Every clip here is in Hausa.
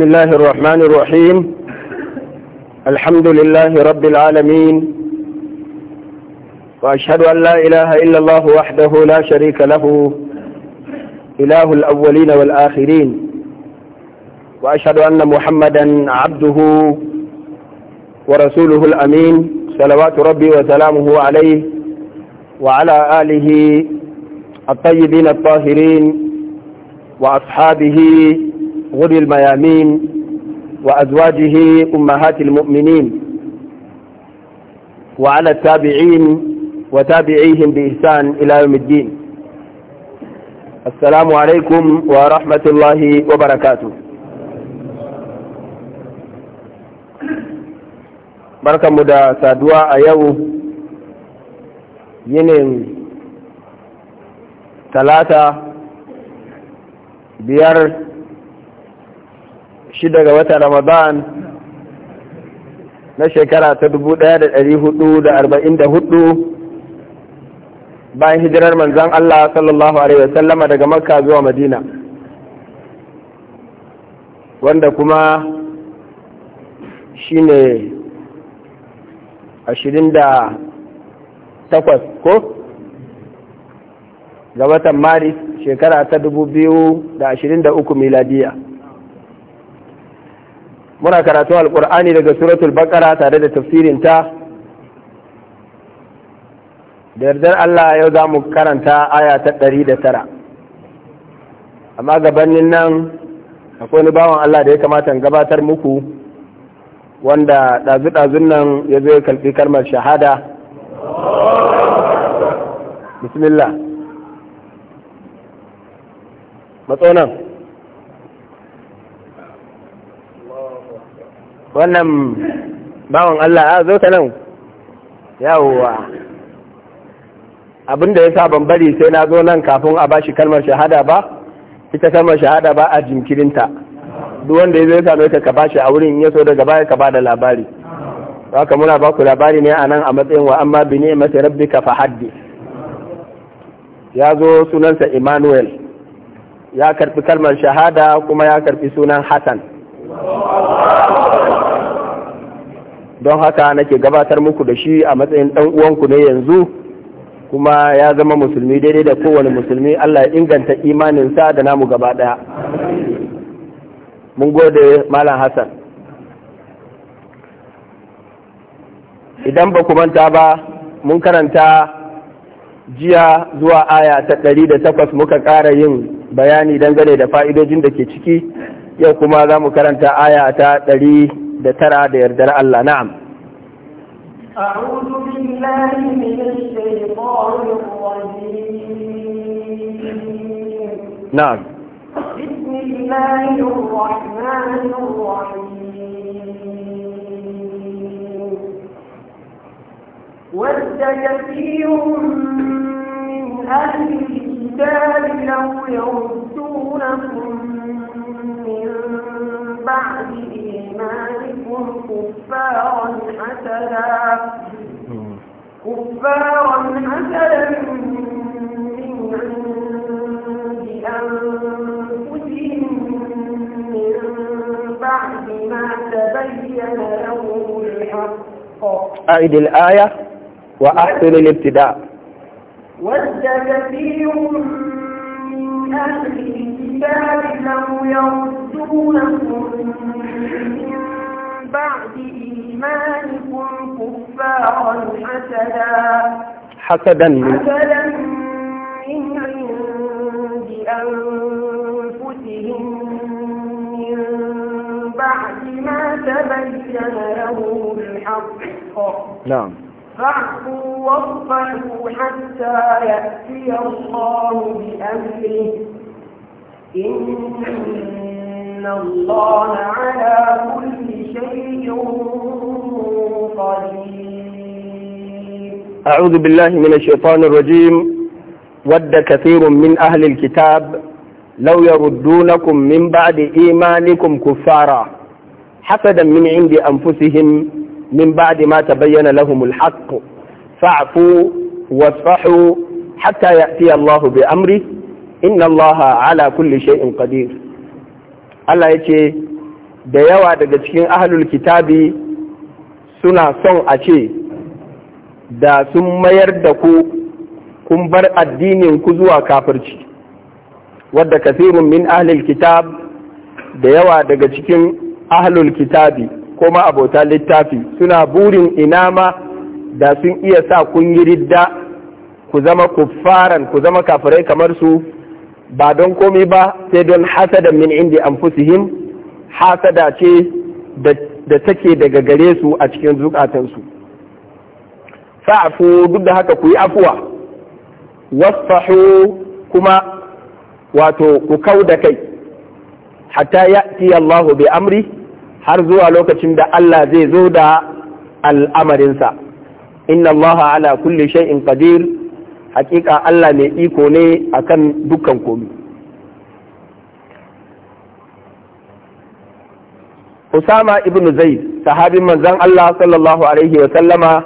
بسم الله الرحمن الرحيم الحمد لله رب العالمين وأشهد أن لا إله إلا الله وحده لا شريك له إله الأولين والآخرين وأشهد أن محمدا عبده ورسوله الأمين صلوات ربي وسلامه عليه وعلى آله الطيبين الطاهرين وأصحابه غلي الميامين وأزواجه أمهات المؤمنين وعلى التابعين وتابعيهم بإحسان إلى يوم الدين السلام عليكم ورحمة الله وبركاته بركة مدى سادواء يو yau ثلاثة بيار shida ga wata ramadan na shekara ta dubu ɗaya da hudu da arba'in da hudu, bayan hijirar manzan Allah sallallahu Alaihi wasallama daga makka zuwa madina wanda kuma shi ne ashirin da takwas ko ga watan maris shekara ta dubu biyu da da uku miladiya muna karatu alkur'ani daga suratul bakara tare da tafsirin ta da yardar Allah yau za mu karanta aya ta ɗari da tara amma gabanin nan akwai ni bawan Allah da ya kamata gabatar muku wanda ɗazu-ɗazun nan ya zo ya kalfi kalmar shahada bismillah matsonan wannan bawan Allah a zo ta nan yawowa abinda ya sa ban bari sai na zo nan kafin a bashi kalmar shahada ba ita kalmar shahada ba a jinkirinta duk wanda ya zo ya same ka ka bashi a wurin ya so daga baya ka ba da labari haka muna ba ku labari ne a nan a matsayin wa amma bi ni'mati rabbika fa haddi ya zo sunansa Emmanuel ya karbi kalmar shahada kuma ya karbi sunan Hassan don haka nake gabatar muku da shi a matsayin ɗan uwanku ne yanzu kuma ya zama musulmi daidai da kowane musulmi Allah ya inganta imaninsa da namu gaba ɗaya mun gode malam hassan idan ba ku manta ba mun karanta jiya zuwa aya ta ɗari da takwas muka ƙara yin bayani dangane da fa'idojin da ke ciki yau kuma za mu karanta aya ta ɗari da tara da yardar Allah na'am أعوذ بالله من الشيطان الرجيم نعم بسم الله الرحمن الرحيم ود كثير من أهل الكتاب لو يردونكم من بعد حَسَدًا مِنْ عِنْدِ أَنْفُسِهِمْ مِنْ بَعْدِ مَا تَبَيَّنَ من عند انفسهم من بعد ما تبين الحق اعد الايه واحسن الابتداء ود كثير من اهل الكتاب لو يردونكم من بعد إيمانكم كفارا حسدا حسدا من حسدا من عند أنفسهم من بعد ما تبين له الحق نعم فاعفوا واصفحوا حتى يأتي الله بأمره إن الله على كل شيء قدير أعوذ بالله من الشيطان الرجيم ود كثير من أهل الكتاب لو يردونكم من بعد إيمانكم كفارا حسدا من عند أنفسهم من بعد ما تبين لهم الحق فاعفوا واصفحوا حتى يأتي الله بأمره inna allaha ala kulli shay'in qadir Allah yace da yawa daga cikin ahlul kitabi suna son a ce da sun mayar da ku kun bar addinin ku zuwa kafirci wadda kasirun min ahlul kitab da yawa daga cikin ahlul kitabi ko ma abota littafi suna burin inama da sun iya sa kun yi ridda ku zama kuffaran ku zama kafirai kamar su ba don komai ba sai don hasada min indi anfusihim hasada ce da take daga gare su a cikin zukatansu fa'afu duk da haka ku yi afuwa wasfahu kuma wato ku kau da kai hatta ya'ti Allahu bi amri har zuwa lokacin da Allah zai zo da al'amarinsa inna Allah ala kulli shay'in qadir hakika Allah mai iko ne akan dukkan komi Usama ibn Zaid sahabin manzon Allah sallallahu alaihi wa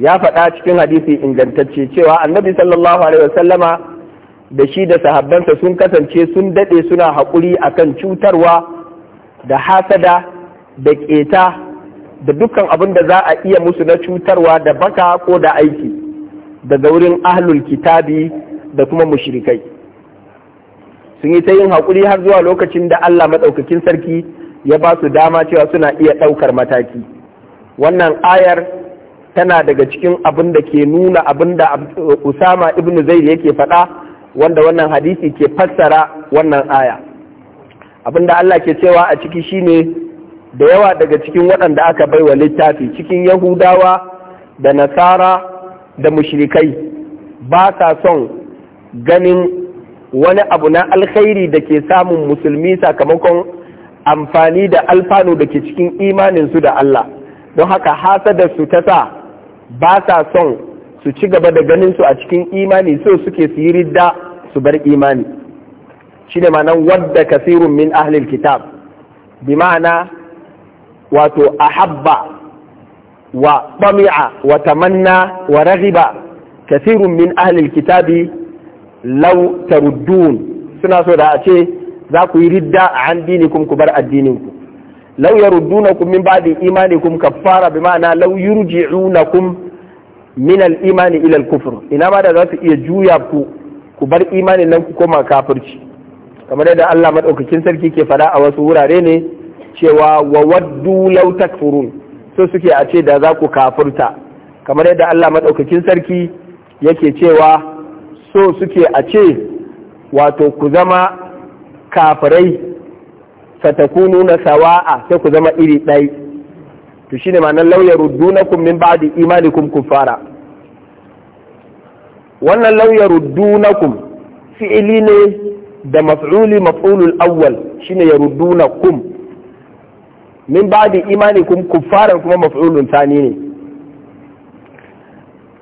ya faɗa cikin hadisi ingantacce cewa annabi sallallahu alaihi wa da shi da sahabbansa sun kasance sun daɗe suna haƙuri akan cutarwa da hasada da ƙeta da dukkan abin da za a iya musu na cutarwa da baka ko da aiki daga wurin ahlul kitabi da kuma mushrikai sun yi ta yin haƙuri har zuwa lokacin da Allah maɗaukakin sarki ya ba su dama cewa suna iya ɗaukar mataki wannan ayar tana daga cikin abin da ke nuna abin da usama ibn zaid yake faɗa wanda wannan hadisi ke fassara wannan aya abin da Allah ke cewa a ciki shine da yawa daga cikin waɗanda aka baiwa littafi cikin yahudawa da nasara da mushrikai ba sa son ganin wani abu na alkhairi da ke samun musulmi sakamakon amfani da alfanu da ke cikin imaninsu da Allah don haka su ta sa ba sa son su ci gaba da ganin su a cikin imani so suke su yi ridda su bar imani shi ne ma'anan wadda kasirun min ahlil kitab bi ma'ana wato a habba. وطمع وتمنى ورغب كثير من أهل الكتاب لو تردون سنة سورة أشي ذاكو يرد عن دينكم كبر الدينكم لو يردونكم من بعد إيمانكم كفارة بمعنى لو يرجعونكم من الإيمان إلى الكفر إنما ذات يجويابكم كبر إيمان لنكم كما كافرش kamar yadda Allah maɗaukakin sarki ke faɗa a wasu wurare ne cewa wa waddu law takfurun so suke a ce da za ku kafurta kamar yadda Allah maɗaukakin sarki yake cewa so suke a ce wato ku zama kafirai satakunu na sawa'a sai ku zama iri ɗai to shine ma'anar lauyar ruddunakum min ba'di imanikum kufara wannan lauyar ruddunakum fi'ili ne da maf'uli maf'ulul awwal shine kum. min ba'di imanikum kuffaran kuma maf'ulun tani ne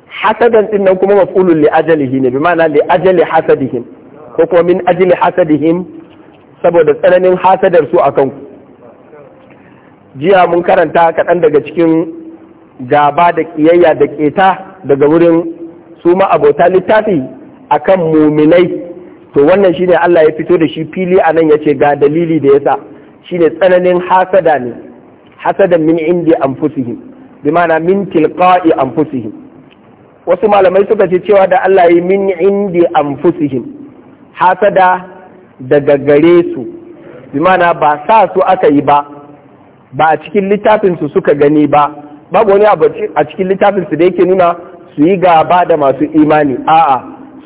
hasadan din nan kuma maf'ulun li ajalihi ne bi ma'ana li ajali hasadihim ko kuma min ajali hasadihim saboda tsananin hasadar su akan ku jiya mun karanta kaɗan daga cikin gaba da ƙiyayya da ƙeta daga wurin su ma abota littafi akan muminai to wannan shine Allah ya fito da shi fili a nan ya ce ga dalili da yasa Shi ne tsananin hasada ne hasadan min indi anfusihim bi ma'ana min tilqa'i anfusihim wasu malamai suka ce cewa da Allah yi min indi anfusihim hasada daga gare su bi ma'ana ba sa su aka yi ba ba a cikin littafin su suka gani ba babu wani abu a cikin littafin su da yake nuna su yi gaba da masu imani a'a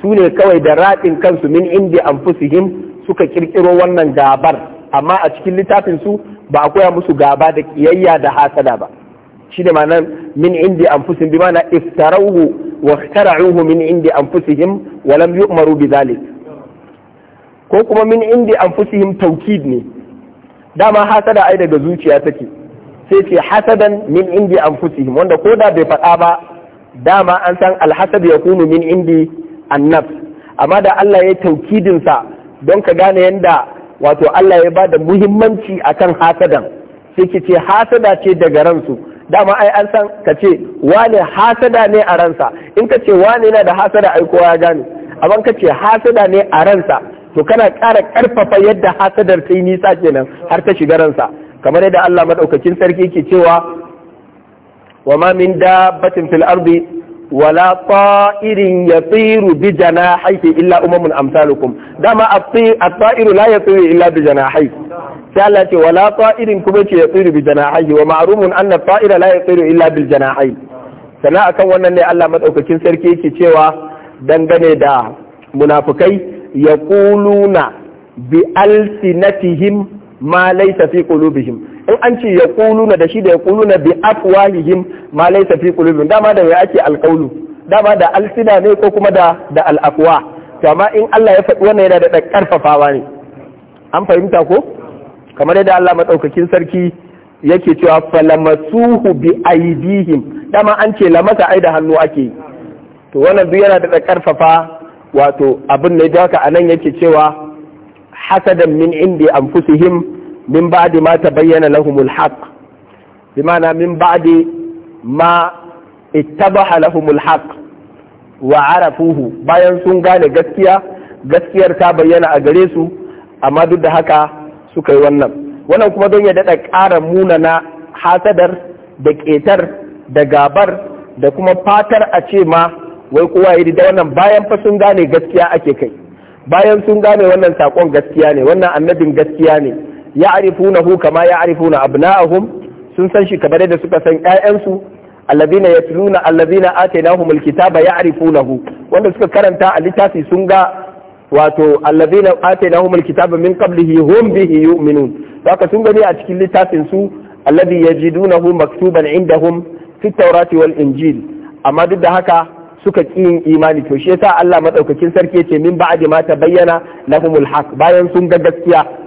su ne kawai da raɗin kansu min indi anfusihim suka kirkiro wannan gabar amma a cikin littafin su ba a koya musu gaba da kiyayya da hasada ba shi ne ma'anar min indi fusin bi ma'ana iftarauhu wa min indi anfusihim wa lam yu'maru bi zalik ko kuma min indi anfusihim tawkid ne dama hasada ai daga zuciya take sai ce hasadan min indi anfusihim wanda ko da bai faɗa ba dama an san alhasad ya yakunu min indi annaf amma da Allah ya taukidin sa don ka gane yadda wato Allah ya bada muhimmanci akan hasadan sai ki ce hasada ce daga ransu dama ai an san ka ce wane hasada ne a ransa in ka ce wane yana da hasada ai kowa ya gane amma ka ce hasada ne a ransa to kana ƙara ƙarfafa yadda hasadar ta yi nisa kenan har ta shiga ransa kamar yadda Allah maɗaukacin sarki ke cewa wa ma min dabbatin fil ardi wala ta'irin yatiru bi janahihi illa umamun amsalukum dama at-ta'iru la yatiru illa bi janahihi sai Allah ce wala ta'irin kuma ce yatiru bi janahihi wa la illa bil sana akan wannan ne Allah madaukakin sarki yake cewa dangane da munafukai ya ƙuluna bi alsinatihim ma laysa fi qulubihim in an ce ya kuluna da shi da ya kuluna bi afwahihim ma laysa fi qulubihim dama da ya ake alqaulu dama da alsina ne ko kuma da da al'afwa to amma in Allah ya faɗi wannan yana da karfafawa ne an fahimta ko kamar yadda Allah madaukakin sarki yake cewa falamasuhu bi aidihim dama an ce lamasa ai da hannu ake to wannan duk yana da karfafa wato abin ne da haka anan yake cewa hasadan min indi anfusihim min ba'di ma tabayyana lahumul bi mana min ba'di ma ittabaha lahumul haq, wa arafuhu bayan sun gane gaskiya gaskiyar ta bayyana a gare su amma duk da haka suka yi wannan wannan kuma don ya daɗa ƙara munana hasadar da ƙetar da gabar da kuma fatar a ce ma wai kowa yi da wannan bayan fa sun gane gaskiya ake kai bayan sun gane wannan saƙon gaskiya ne wannan annabin gaskiya ne ya'rifunahu kama ya'rifuna abna'ahum sun san shi kamar yadda suka san ƴaƴansu alladhina yatluna alladhina atainahumul kitaba ya'rifunahu wanda suka karanta a littafi sun ga wato alladhina atainahumul kitaba min qablihi hum bihi yu'minun haka sun gani a cikin littafin su alladhi yajidunahu maktuban indahum fi tawrati wal injil amma duk da haka suka ƙi yin imani to shi yasa Allah madaukakin sarki yace min ba'di ma tabayyana lahumul haq bayan sun ga gaskiya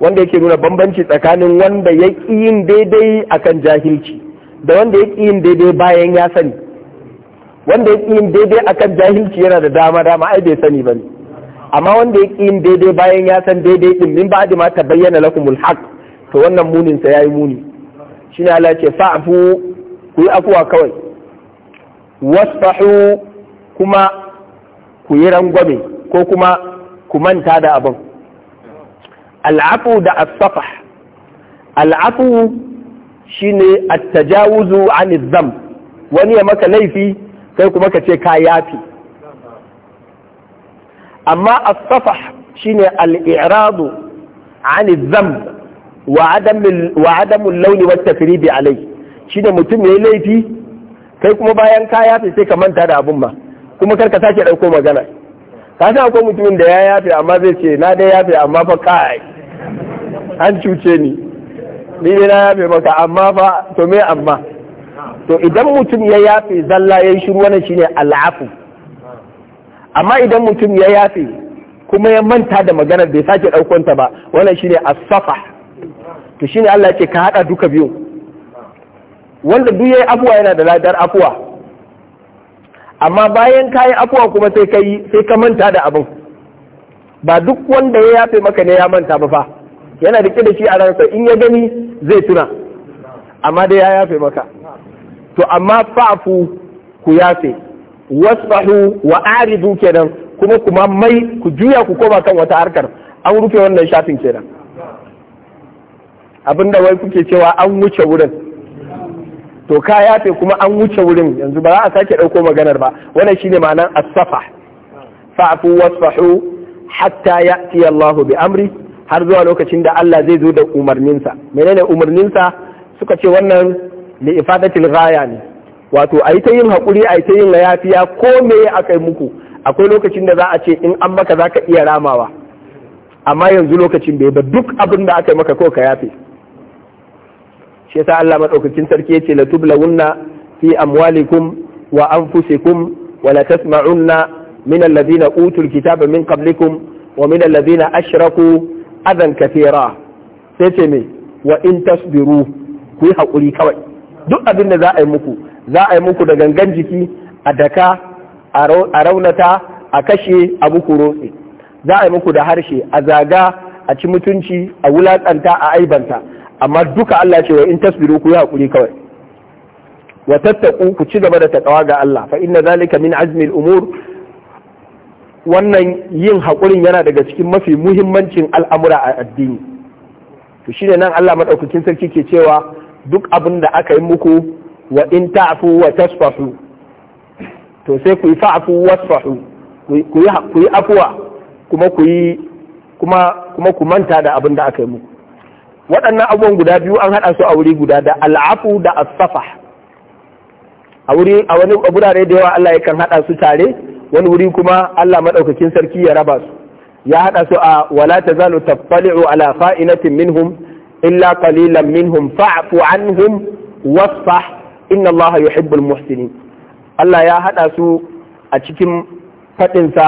wanda yake nuna bambanci tsakanin wanda ya yin daidai akan jahilci da wanda ya yin daidai bayan ya sani wanda ya yin daidai akan jahilci yana da dama dama ai bai sani ba ne. amma wanda ya yin daidai bayan ya san daidai din min ba'di ma bayyana lakumul haqq to wannan munin sa yayi muni shine Allah ce fa'fu ku yi akuwa kawai wasfahu kuma ku yi rangwame ko kuma ku manta da abin al'afu da asafa al'afu shi ne a tajawuzu an zam wani ya maka laifi sai kuma ka ce ka yafi amma asafa shi ne al'iradu an zam wa adamun launi wata firibi alai shi ne mutum ya yi laifi kai kuma bayan ka yafi sai ka manta da abin ma kuma karka sake ɗauko magana ka akwai mutumin da ya yafe amma zai ce na dai yafe amma fa kai an cuce ni ni ne na yafe maka amma fa to me amma to idan mutum ya yafe zalla ya yi shiru wannan shine al'afu amma idan mutum ya yafe kuma ya manta da maganar bai sake ɗaukonta ba wannan shine as to shine Allah ce ka haɗa duka biyu wanda duk yayi afuwa yana da ladar afuwa amma bayan kayi afuwa kuma sai ka sai ka manta da abin ba duk wanda ya yafe maka ne ya manta ba fa yana rike da shi a ransa in ya gani zai tuna amma dai ya yafe maka to amma fa'fu ku yafe wasfahu wa aridu kenan kuma kuma mai ku juya ku koma kan wata harkar an rufe wannan shafin kenan abinda wai kuke cewa an wuce wurin to ka yafe kuma an wuce wurin yanzu ba za a sake ɗauko maganar ba wannan shine ma'anar as-safa fa'fu wasfahu hatta ya'ti Allahu bi amri har zuwa lokacin da Allah zai zo da umarninsa menene umarninsa suka ce wannan li ifadatil ghaya ne wato a yi ta yin haƙuri a ta yin layafiya ko me aka yi muku akwai lokacin da za a ce in an maka zaka iya ramawa amma yanzu lokacin bai ba duk abin da aka yi maka ko ka yafe shi yasa Allah madaukakin sarki yace la tublawunna fi amwalikum wa anfusikum wa la tasma'unna min alladhina utul kitaba min qablikum wa min alladhina ashraku adan kafira sai ce me wa in tasbiru ku yi haƙuri kawai duk abin da za a yi muku za a yi muku da gangan jiki a daka a raunata a kashe a muku rotsi za a yi muku da harshe a zaga a ci mutunci a wulaƙanta a aibanta amma duka Allah ce wa in tasbiru ku yi haƙuri kawai wa tattaku ku ci gaba da taƙawa ga Allah fa inna zalika min azmi umur wannan yin haƙurin yana daga cikin mafi muhimmancin al'amura a addini to ne nan Allah maɗaukakin sarki ke cewa duk abin da aka yi muku wa in ta'fu wa tasfahu to sai ku yi fa'fu wasfahu ku yi ku yi afwa kuma ku yi kuma kuma ku manta da abin da aka yi muku waɗannan abubuwan guda biyu an haɗa su a wuri guda da al'afu da as a wuri a wani gurare da yawa Allah ya kan haɗa su tare wani wuri kuma Allah maɗaukakin sarki ya raba su ya haɗa su a wala tazalu tafali'u ala fa'inatin minhum illa qalilan minhum fa'fu anhum wasfah inna Allah yuhibbul muhsinin Allah ya haɗa su a cikin faɗin sa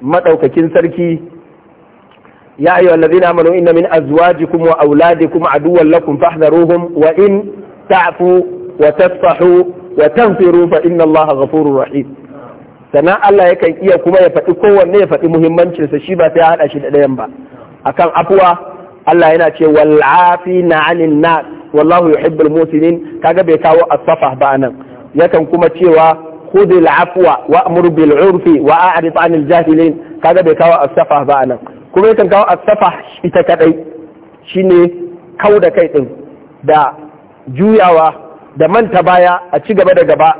madaukakin sarki ya ayyuhal ladina amanu inna min azwajikum wa auladikum aduwwan lakum fahdharuhum wa in ta'fu wa tasfahu wa tanfiru fa inna Allah ghafurur rahim sannan Allah yakan iya kuma ya faɗi kowanne ya faɗi muhimmancinsa shi ba sai ya haɗa shi da ɗayan ba akan afuwa Allah yana ce wal afina anin nas wallahu yuhibbul musinin kaga bai kawo as ba nan yakan kuma cewa khudil afwa wa'mur bil urfi wa a'rid anil jahilin kaga bai kawo as ba nan kuma yakan kawo as ita kadai shine kau da kai din da juyawa da manta baya a ci gaba da gaba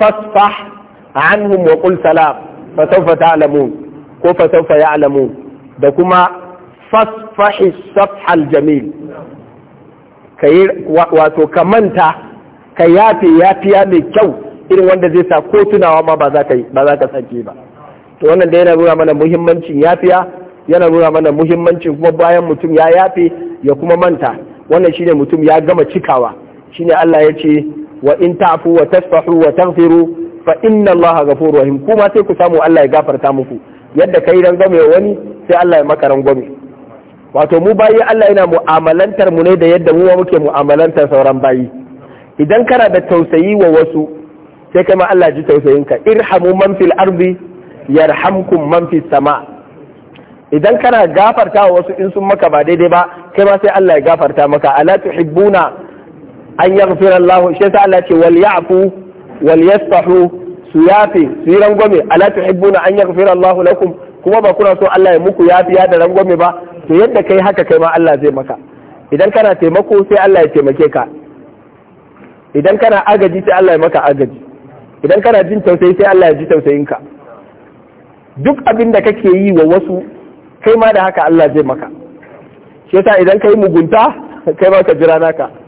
fasfah anhum wa qul salam fa sawfa ta'lamun ko fa sawfa ya'lamun da kuma fasfahi safha al kai wato ka manta ka yafe yafiya mai kyau irin wanda zai sa ko tunawa ma ba za ka ba za ka sake ba to wannan da yana nuna mana muhimmancin yafiya yana nuna mana muhimmancin kuma bayan mutum ya yafe ya kuma manta wannan shine mutum ya gama cikawa shine Allah ya ce wa in ta'fu wa tasfahu wa taghfiru fa inna allaha ghafurur rahim kuma sai ku samu Allah ya gafarta muku yadda kai rangwame wani sai Allah ya maka rangwame wato mu bayi Allah yana mu'amalantar mu ne da yadda mu muke mu'amalantar sauran bayi idan kana da tausayi wa wasu sai kai ma Allah ji tausayin ka irhamu man fil ardi yarhamkum man fis sama idan kana gafarta wa wasu in sun maka ba daidai ba kai ma sai Allah ya gafarta maka ala tuhibbuna an yaghfira Allah shi sai Allah ce wal ya'fu wal yastahu su yafe su yi rangwame ala tuhibbuna an yaghfira Allahu lakum kuma ba kuna so Allah ya muku yafiya da rangwame ba to yadda kai haka kai ma Allah zai maka idan kana taimako sai Allah ya taimake ka idan kana agaji sai Allah ya maka agaji idan kana jin tausayi sai Allah ya ji tausayinka duk abinda da kake yi wa wasu kai ma da haka Allah zai maka shi yasa idan kai mugunta kai ma ka naka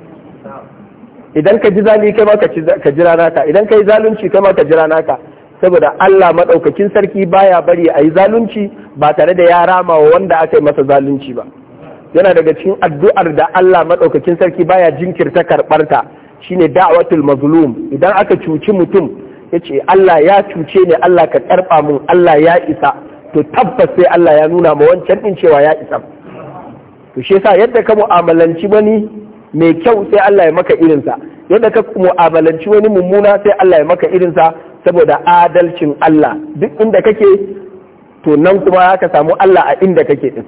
idan ka ji zali kai ma ka jira naka idan ka yi zalunci kai ma ka jira naka saboda Allah madaukakin sarki baya bari a yi zalunci ba tare da ya rama wa wanda aka yi masa zalunci ba yana daga cikin addu'ar da Allah madaukakin sarki baya jinkirta karɓarta shine da'watul mazlum idan aka cuci mutum yace Allah ya cuce ni Allah ka karba mun Allah ya isa to tabbas sai Allah ya nuna ma wancan din cewa ya isa to shi yasa yadda ka mu'amalanci wani mai kyau sai Allah ya maka irinsa yadda ka mu'amalanci wani mummuna sai Allah ya maka irinsa saboda adalcin Allah duk inda kake to nan kuma ka samu Allah a inda kake din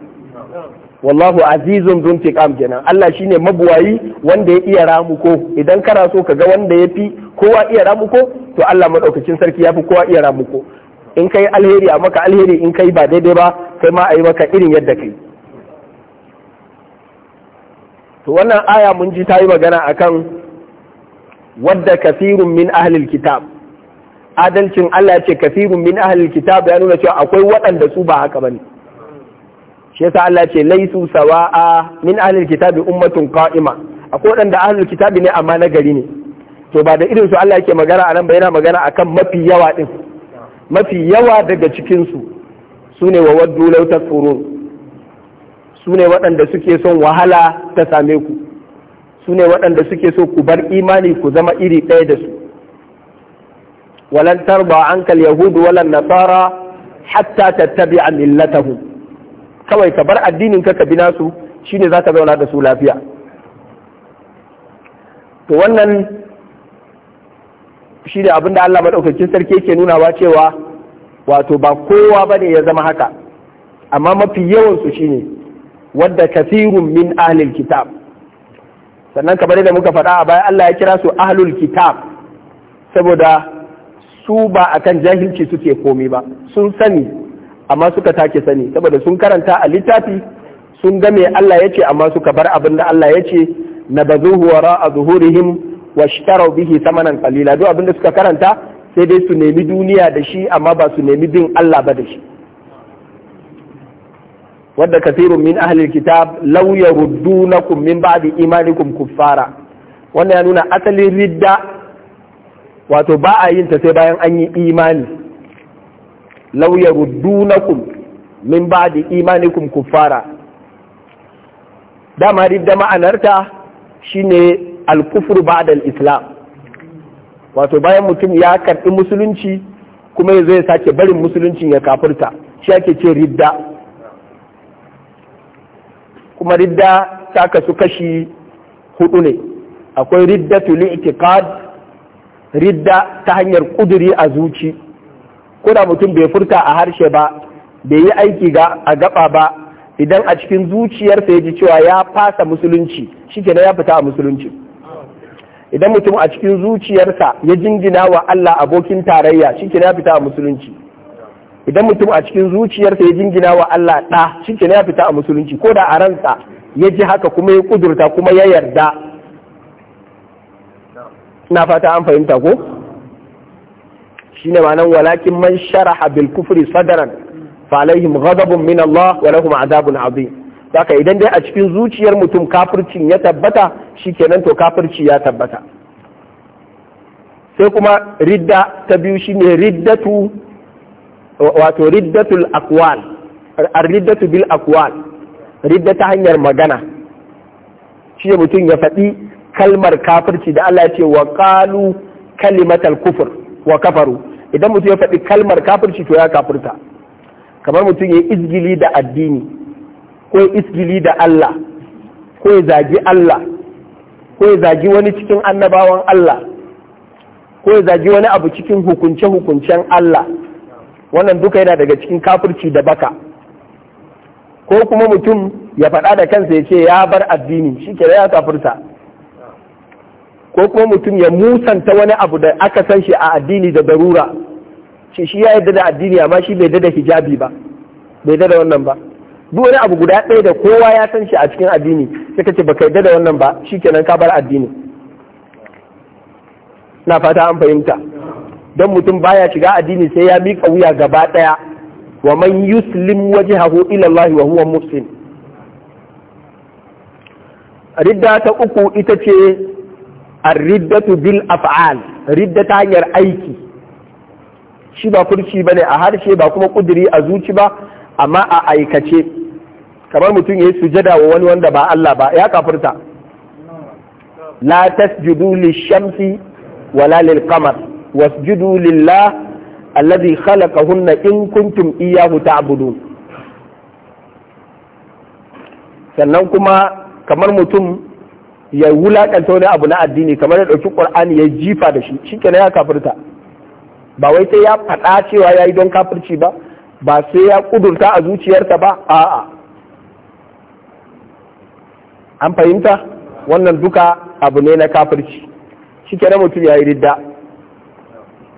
wallahu azizun dun tiqam kenan Allah shine mabuwayi wanda ya iya ramuko idan kana so ka ga wanda ya fi kowa iya ramuko to Allah madaukakin sarki ya fi kowa iya ramuko in kai alheri a maka alheri in kai ba daidai ba kai ma a yi maka irin yadda kai to wannan aya mun ji ta yi magana akan wadda kafirun min ahalil kitab adalcin Allah ce kafirun min ahalil kitab ya nuna cewa akwai waɗanda su ba haka bane shi yasa Allah ce laisu sawa'a min ahalil kitab ummatun qa'ima akwai waɗanda ahalil kitab ne amma na gari ne to ba da irin su Allah yake magana a nan ba yana magana akan mafi yawa din mafi yawa daga cikin su sune wa waddu law su ne waɗanda suke son wahala ta same ku su ne waɗanda suke so ku bar imani ku zama iri ɗaya da su walan tarba kal yahudu walan nasara hatta a millatahu kawai ka bar addinin ka ka bi nasu shine zaka zauna da su lafiya to wannan shi ne abinda Allah maɗaukakin sarki yake nunawa cewa wato ba kowa bane ya zama haka amma mafi yawansu shine wadda kasirun min ahlil kitab sannan kamar da muka faɗa a baya Allah ya kira su ahlul kitab saboda su ba a kan jahilci suke komi ba sun sani amma suka take sani saboda sun karanta a littafi sun ga me Allah ya ce amma suka bar abin da Allah ya ce na bazuhu wara a zuhurihim wa shtarau bihi samanan kalila duk abin da suka karanta sai dai su nemi duniya da shi amma ba su nemi bin Allah ba da shi wadda kathirun min ahlil kitab law yaruddunakum min ba'di imanikum kuffara wannan ya nuna asalin ridda wato ba a yin ta sai bayan an yi imani law yaruddunakum min ba'di imanikum kuffara dama ridda ma'anarta shine al-kufru ba'da al-islam wato bayan mutum ya karɓi musulunci kuma ya zai sake barin musulunci ya kafirta shi ake ce ridda kuma ridda ta kasu kashi hudu ne akwai ridda riddatu kad, ridda ta hanyar kuduri a zuci Kuna mutum bai furta a harshe ba bai yi aiki ga a gaba ba idan a cikin zuciyarsa ya ji cewa ya fasa musulunci shikenan ya fita a musulunci idan mutum a cikin zuciyarsa ya jingina wa Allah abokin tarayya shikenan ya fita a musulunci idan mutum a cikin zuciyarsa ya jingina wa Allah ɗa shi ya fita a musulunci ko da a ransa ya ji haka kuma ya kudurta kuma ya yarda na fata an fahimta ko Shi ne ma nan, walakin man sharaha bil kufri sadaran fa alaihim ghadabun min Allah wa lahum azabun azim saka idan dai a cikin zuciyar mutum kafircin ya tabbata shi shikenan to kafirci ya tabbata sai kuma ridda ta biyu shine riddatu wato riddatul aqwal ar-riddatu bil aqwal ridda ta hanyar magana shi mutum ya faɗi kalmar kafirci da Allah ya ce wa qalu kalimatal kufur wa kafaru idan mutum ya faɗi kalmar kafirci to ya kafirta kamar mutum ya izgili da addini ko ya izgili da Allah ko ya zagi Allah ko ya zagi wani cikin annabawan Allah ko ya zagi wani abu cikin hukunce-hukuncen Allah wannan duka yana daga cikin kafirci da baka ko kuma mutum ya faɗa da kansa ya ce ya bar addini shi ke ya kafirta ko kuma mutum ya musanta wani abu da aka san shi a addini da darura shi shi ya yarda da addini amma shi bai da hijabi ba bai da wannan ba duk wani abu guda ɗaya da kowa ya san shi a cikin addini sai ka ce baka yadda da wannan ba shi kenan ka bar addini na fata an fahimta don mutum baya shiga addini sai ya miƙa wuya gaba ɗaya wa man yuslim waje hahu Allah wa huwa muhsin ridda ta uku ita ce ar-riddatu bil af'al ridda ta hanyar aiki shi ba kurci ne a harshe ba kuma kuduri a zuci ba amma a aikace kamar mutum ya yi sujada wa wani wanda ba Allah ba ya kafirta la tasjudu lishamsi wala lil qamar wasjudu lillah alladhi khalaqahunna in kuntum iyyahu ta'budun sannan kuma kamar mutum ya wulakanta wani abu na addini kamar ya ɗauki qur'ani ya jifa da shi shikenan ya kafirta ba wai sai ya faɗa cewa ya yi don kafirci ba ba sai ya ƙudurta a zuciyarta ba a'a an fahimta wannan duka abu ne na kafirci shikenan mutum ya yi ridda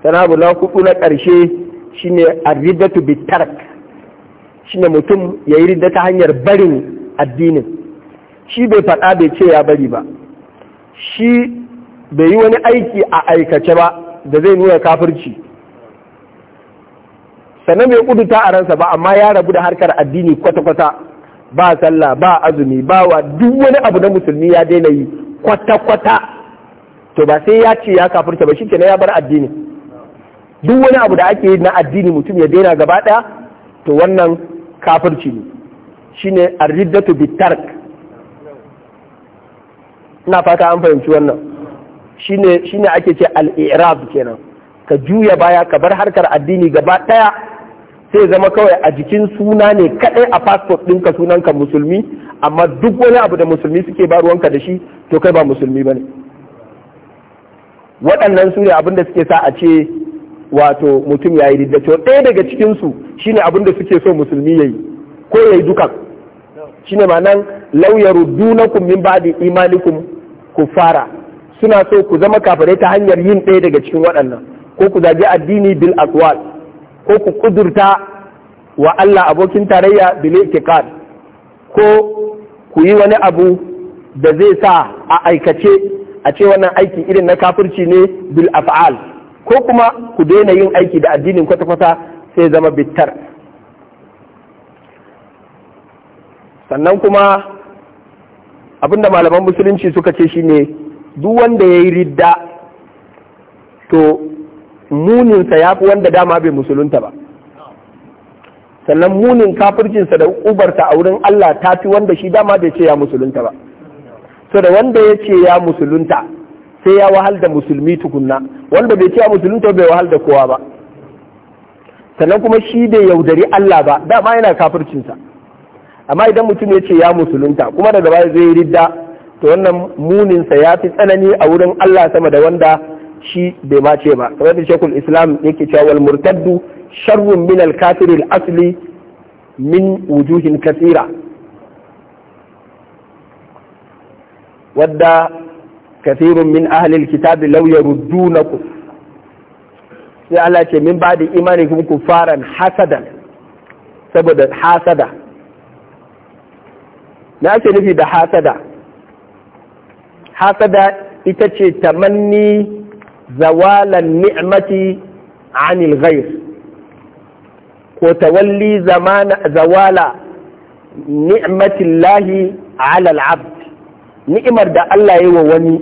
sana abu na kudu na ƙarshe shine arribatu bitark shine mutum ya yi ridda ta hanyar barin addinin shi bai faɗa bai ce ya bari ba shi bai yi wani aiki a aikace ba da zai nuna kafirci sannan bai kuduta a ransa ba amma ya rabu da harkar addini kwata-kwata ba sallah ba azumi ba wa duk wani abu na musulmi ya daina yi kwata-kwata to ba sai ya ce ya kafirta ba shi kenan ya bar addini duk wani abu da ake yi na addini mutum ya daina gaba ɗaya to wannan kafirci ne shine arriddatu bitark ina fata an fahimci wannan shi ne ake ce al-i'rab kenan ka juya baya ka bar harkar addini gaba ɗaya sai zama kawai a jikin suna ne kaɗai a fasfot ɗinka sunanka musulmi amma duk wani abu da musulmi suke ba ruwanka da shi to kai ba musulmi ba ne waɗannan su ne abin da suke sa a ce wato mutum ya yi ridda ɗaya daga cikinsu shine abin da suke so musulmi ya yi ko ya yi dukan shine manan lauyaru dunakun min ba'di imanikum fara suna so ku zama kafare ta hanyar yin ɗaya daga cikin waɗannan ko ku zagi addini bil aswal ko ku kudurta wa Allah abokin tarayya bil i'tiqad ko ku yi wani abu da zai sa a aikace a ce wannan aiki irin na kafirci ne bil af'al ko kuma ku daina yin aiki da addinin kwata-kwata sai zama bittar sannan kuma abinda malaman musulunci suka ce shi ne duk wanda ya yi ridda to muninsa ya fi wanda dama bai musulunta ba sannan munin kafircinsa da ubarta a wurin Allah ta fi wanda shi dama bai ce ya musulunta ba so da wanda ya ce ya musulunta sai ya wahal da musulmi tukunna wanda bai cewa musulunta bai wahal da kowa ba sannan kuma shi bai yaudari Allah ba dama yana kafircinsa amma idan mutum ya ce ya musulunta kuma daga baya zai ridda to wannan muninsa ya fi tsanani a wurin Allah sama da wanda shi bai ma ce ba kamar da shekul islam yake cewa wal murtaddu sharrun min al al asli min wujuhin kasira wadda kathirun min ahlil kitabi law yaruddunakum sai Allah ce min bada imani kun kufaran saboda hasada na ake da hasada hasada ita ce tamanni zawalan ni'mati anil ghair ko tawalli zamana zawala ni'matillahi ala al'abd ni'imar da Allah yi wa wani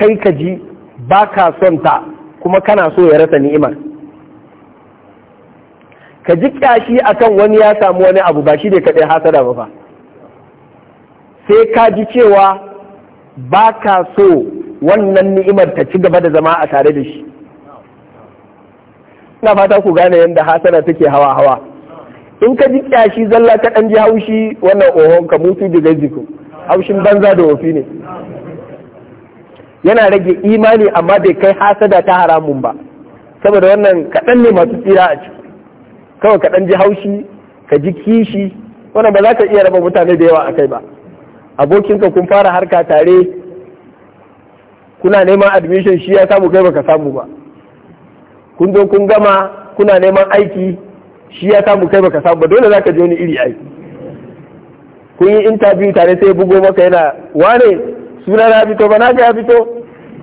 kai ka ji ba ka son ta kuma kana so ya rasa ni'imar ka ji kyashi akan wani ya samu wani abu ba shi ne kaɗai hasada ba ba sai ka ji cewa ba ka so wannan ni'imar ta ci gaba da zama a tare da shi ina fata ku gane yadda hasana take hawa hawa in ka ji kyashi zalla ka ɗan ji haushi wannan ohon ka mutu da jiku haushin banza da wofi ne yana rage imani amma bai kai hasada ta haramun ba saboda wannan kaɗan ne masu tsira a ciki kawai kaɗan ji haushi ka ji kishi wannan ba za ka iya raba mutane da yawa a kai ba abokinka kun fara harka tare kuna neman admission shi ya samu kai baka samu ba kun zo kun gama kuna neman aiki shi ya samu kai baka samu ba dole za ka je wani iri aiki kun yi interview tare sai bugo maka yana wane suna na fito ba na ga ya fito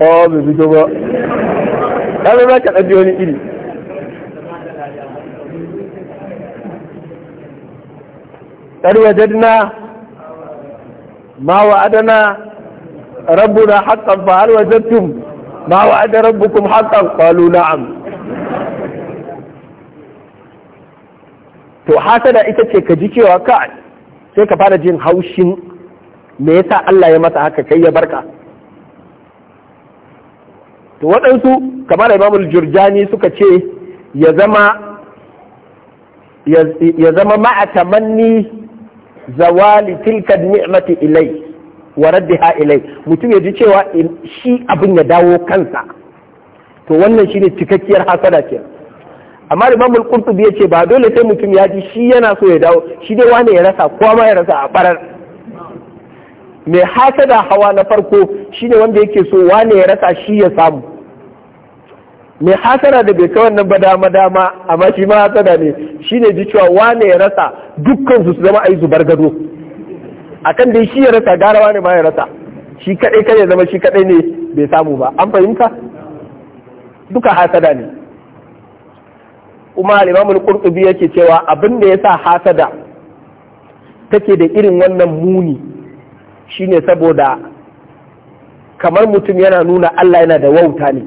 o bai fito ba ya zama ka ɗan wani iri ƙar wajadna ma wa'adana rabbuna haƙƙan fa hal wajadtum ma wa'ada rabbukum haƙƙan luna am. to haka da ita ce ka ji cewa ka, sai ka fara jin haushin me yasa Allah ya masa haka kai ya barka to waɗansu kamar imamul jurjani suka ce ya zama ya zama ma'a tamanni zawali tilka ni'mati ilai wa raddiha ilai mutum ya ji cewa shi abin ya dawo kansa to wannan shine cikakkiyar hasada ce amma imamul qurtubi ya ce ba dole sai mutum ya ji shi yana so ya dawo shi dai wane ya rasa kowa ma ya rasa a barar mai hasada hawa na farko shine wanda yake so wane ya rasa shi ya samu mai hasada da bai kawai wannan ba dama dama amma shi ma hasada ne shine ji cewa wane ya rasa dukkan su zama a yi zubar gado akan dai shi ya rasa gara wane ma ya rasa shi kadai kai ya zama shi kadai ne bai samu ba an fahimta duka hasada ne kuma al-Imam qurtubi yake cewa abin da yasa hasada take da irin wannan muni shine saboda kamar mutum yana nuna Allah yana da wauta ne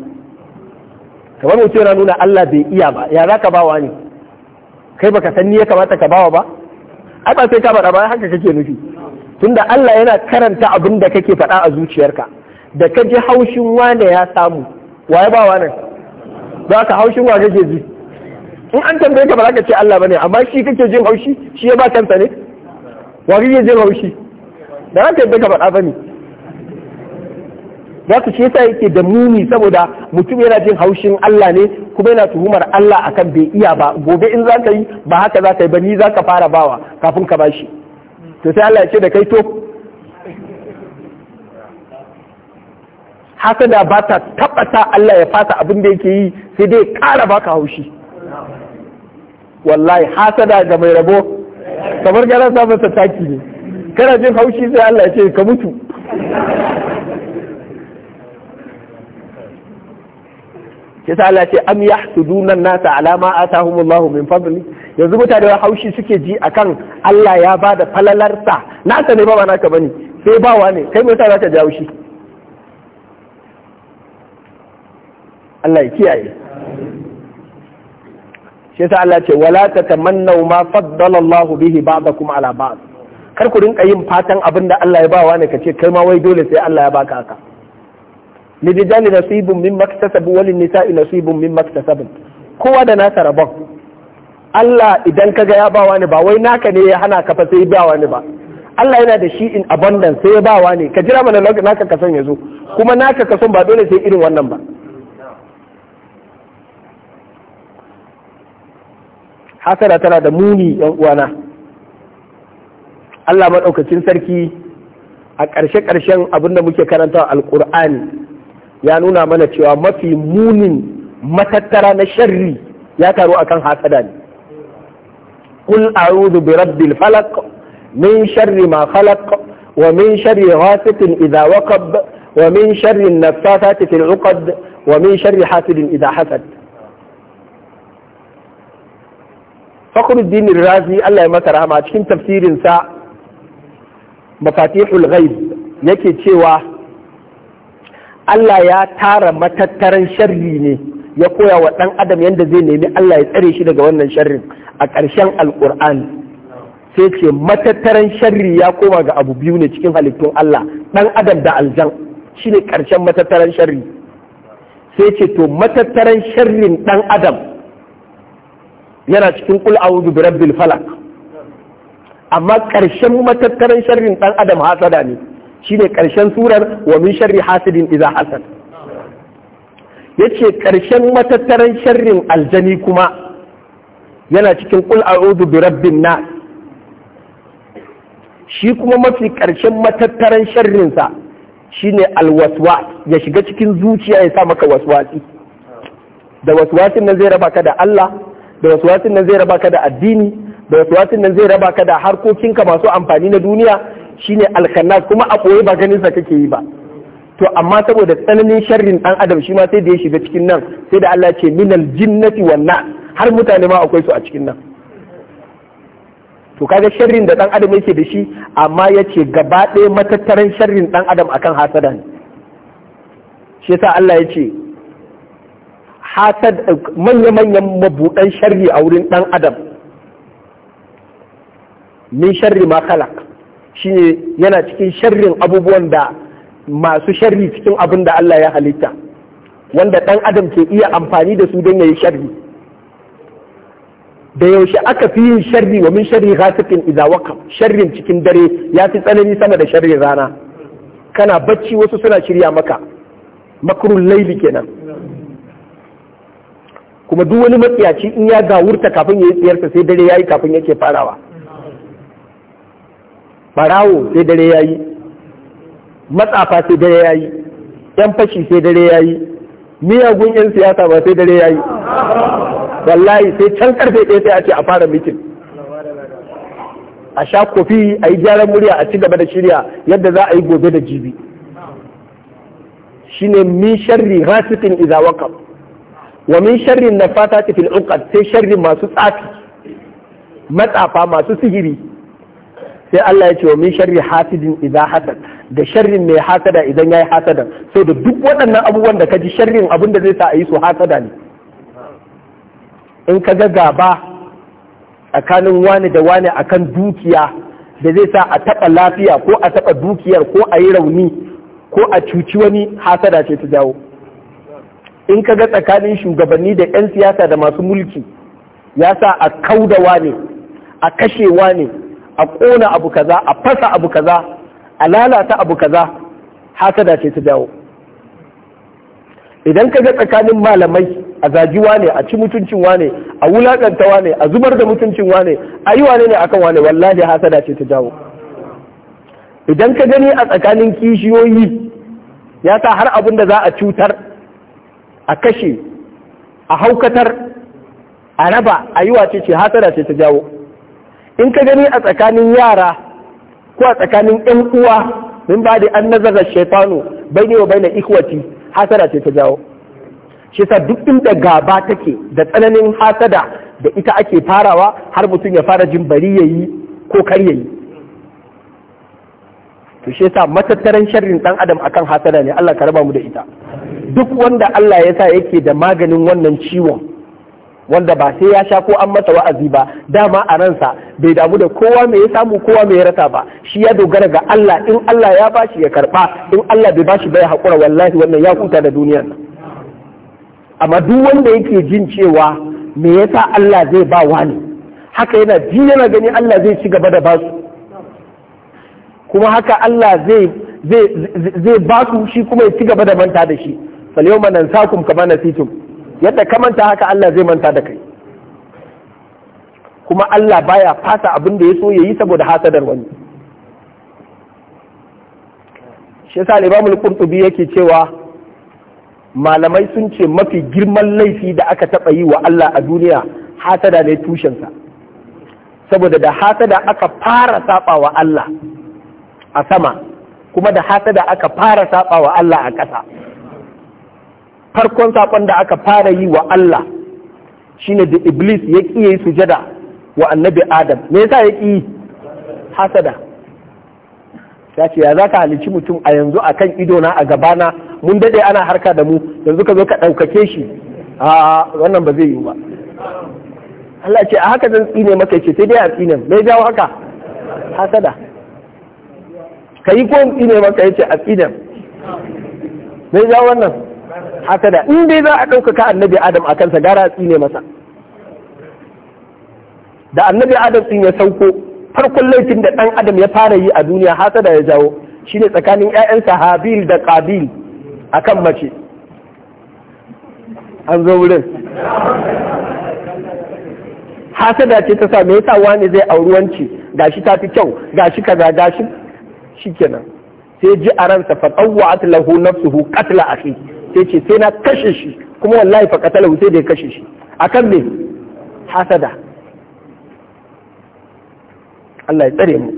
kamar mutum yana nuna Allah bai iya ba ya za ka bawa ne kai baka san ni ya kamata ka bawa ba ai ba sai ka faɗa ba haka kake nufi tunda Allah yana karanta abin da kake faɗa a zuciyarka da ka ji haushin wane ya samu waye ba wane za ka haushin wa kake ji in an tambaye ka ba za ka ce Allah bane amma shi kake jin haushi shi ya ba kansa ne wa kake jin haushi da za ka yadda ka faɗa ba ne za su shi yasa yake da muni saboda mutum yana jin haushin Allah ne kuma yana tuhumar Allah akan bai iya ba gobe in za ka yi ba haka za ka yi ba ni za ka fara bawa kafin ka bashi to sai Allah ya ce da kai to hasada ba ta tabbata Allah ya fasa abin da yake yi sai dai kara baka haushi wallahi hasada ga mai rabo kamar gara samun taki ne kana jin haushi sai Allah ya ce ka mutu yasa Allah ce am yahsuduna nasa ala ma atahumullahu min fadli yanzu mutane da haushi suke ji akan Allah ya bada falalarsa nasa ne ba ba naka bane sai bawa ne kai mai sa zaka ji haushi Allah ya kiyaye shi yasa Allah ce wala tatamannu ma faddala allahu bihi ba'dakum ala ba'd kar ku rinka yin fatan abin da Allah ya ba wa ne ka ce kai ma wai dole sai Allah ya baka haka lirijali nasibun min maktasabu walin nisa'i nasibun min maktasabin kowa da nasa rabon Allah idan kaga ya ba wa ne ba wai naka ne ya hana ka fa sai ba wa ne ba Allah yana da shi in abundance sai ya ba ne ka jira mana naka ka son ya zo kuma naka ka son ba dole sai irin wannan ba hasara tana da muni yan uwana Allah maɗaukacin sarki a ƙarshe-ƙarshen abin da muke karanta alƙur'ani ya nuna mana cewa mafi munin matattara na sharri ya taru akan hasada ne قل أعوذ برب الفلق من شر ما خلق ومن شر غاسق إذا وقب ومن شر النفاثات في العقد ومن شر حاسد إذا حسد فخر الدين Allah الله يمسى رحمه cikin tafsirin sa mafatihul ghaib yake cewa Allah ya tara matattaran sharri ne ya koya wa ɗan adam yadda zai nemi Allah ya tsare shi daga wannan sharrin a ƙarshen alƙur'ani sai ce matattaran sharri ya koma ga abu biyu ne cikin halittun Allah ɗan adam da aljan shine ƙarshen matattaran sharri sai ce to matattaran sharrin ɗan adam yana cikin kul a'udhu bi rabbil falaq amma ƙarshen matattaran sharrin ɗan adam hasada ne shine ƙarshen surar wa min sharri hasidin idza hasad yace ƙarshen matattaran sharrin aljani kuma yana cikin qul a'udhu bi rabbin nas shi kuma mafi ƙarshen matattaran sharrinsa shine alwaswa ya shiga cikin zuciya ya sa maka waswasi da waswasin nan zai raba ka da Allah da waswasin nan zai raba ka da addini da waswasin nan zai raba ka da harkokinka masu amfani na duniya shine alkanas kuma a ɓoye ba ganin sa kake yi ba to amma saboda tsananin sharrin dan adam shi ma sai da ya shiga cikin nan sai da Allah ce minal jinnati wanna, har mutane ma akwai su a cikin nan to kaga sharrin da dan adam yake da shi amma yace gaba ɗaya matattaran sharrin dan adam akan hasada ne shi yasa Allah yace hasad manya-manyan mabuɗan sharri a wurin ɗan adam min sharri ma khalaq shine yana cikin sharrin abubuwan da masu sharri cikin abin da Allah ya halitta wanda ɗan adam ke iya amfani da su don yayi sharri da yaushe aka fi yin sharri wa min sharri ghasiqin idza waqa sharrin cikin dare ya fi tsanani sama da sharrin rana kana bacci wasu suna shirya maka makrul layli kenan kuma duk wani matsiyaci in ya gawurta kafin ya yi tsiyarsa sai dare ya yi kafin yake farawa barawo sai dare ya yi matsafa sai dare ya yi yan fashi sai dare ya yi miyagun yan siyasa ba sai dare ya yi wallahi sai can karfe ɗaya sai a ce a fara mitin a sha kofi a yi gyaran murya a ci gaba da shirya yadda za a yi gobe da jibi shine min sharri rasitin idza wa min sharri fata cikin uqad sai sharri masu tsafi matsafa masu sihiri sai Allah ya ce wa min sharri hasidin idza hasad da sharrin mai hasada idan yayi hasada so da duk waɗannan abubuwan da kaji sharrin abin da zai sa a yi su hasada ne in ka ga gaba tsakanin wani da wani akan dukiya da zai sa a taɓa lafiya ko a taɓa dukiyar ko a yi rauni ko a cuci wani hasada ce ta jawo in ka ga tsakanin shugabanni da 'yan siyasa da masu mulki ya sa a kaudawa ne a kashewa ne a ƙona abu kaza a fasa abu kaza a lalata abu kaza hasada ce ta dawo idan ka ga tsakanin malamai a zajiwa ne a ci mutuncin wane a wulaƙanta wane, a zubar da mutuncin wane a yi wane ne a kan wane wallahi hasada ce ta dawo idan ka gani a tsakanin kishiyoyi ya sa har abin da za a cutar a kashe a haukatar a raba a yi wace ce hasada ce ta jawo in ka gani a tsakanin yara ko a tsakanin yan uwa min ba da an nazarar shaitanu bai ne wa bai na ikwati hasada ce ta jawo shi sa duk inda gaba take da tsananin hasada da ita ake farawa har mutum ya fara jin bari yayi ko kar yayi to shi sa matattaran sharrin ɗan adam akan hasada ne Allah ka raba mu da ita duk wanda Allah ya sa yake da maganin wannan ciwon wanda ba sai ya sha ko an masa wa'azi ba dama a ransa bai damu da kowa mai ya samu kowa mai ya rasa ba shi ya dogara ga Allah in Allah ya bashi ya karba in Allah bai bashi ba ya hakura wallahi wannan ya kuta da duniyar amma duk wanda yake jin cewa me yasa Allah zai ba wani haka yana ji yana gani Allah zai ci gaba da basu kuma haka Allah zai zai zai basu shi kuma ya ci gaba da manta da shi fal yawma nansakum kama nasitum yadda ka manta haka Allah zai manta da kai kuma Allah baya fasa abin da ya so ya yi saboda hasadar wani shi yasa al-Imam qurtubi yake cewa malamai sun ce mafi girman laifi da aka taɓa yi wa Allah a duniya hasada ne tushensa saboda da hasada aka fara saɓa wa Allah a sama kuma da hasada aka fara saɓa wa Allah a ƙasa farkon saƙon da aka fara yi wa Allah shine da iblis ya ƙi yi sujada wa annabi adam me yasa ya ƙi hasada ya ce ya za ka halici mutum a yanzu a kan idona a gabana mun dade ana harka da mu yanzu ka zo ka ɗaukake shi a wannan ba zai yi ba Allah ce a haka zan tsine maka ce sai dai a tsine me jawo haka hasada ka yi ko tsine maka ya ce a tsine me jawo wannan hasada in dai za a ɗaukaka annabi adam a kansa gara tsine masa da annabi adam tsine ya sauko farkon laifin da ɗan adam ya fara yi a duniya hasada ya jawo shine tsakanin 'ya'yansa habil da qabil kan mace an zo wurin hasada ce ta sa me yasa wani zai auri wanci gashi ta fi kyau gashi kaza gashi shikenan sai ji a ransa fa tawwa'at lahu nafsuhu qatla akhi sai ce sai na kashe shi kuma wallahi fa qatala sai da ya kashe shi akan me hasada Allah ya tsare mu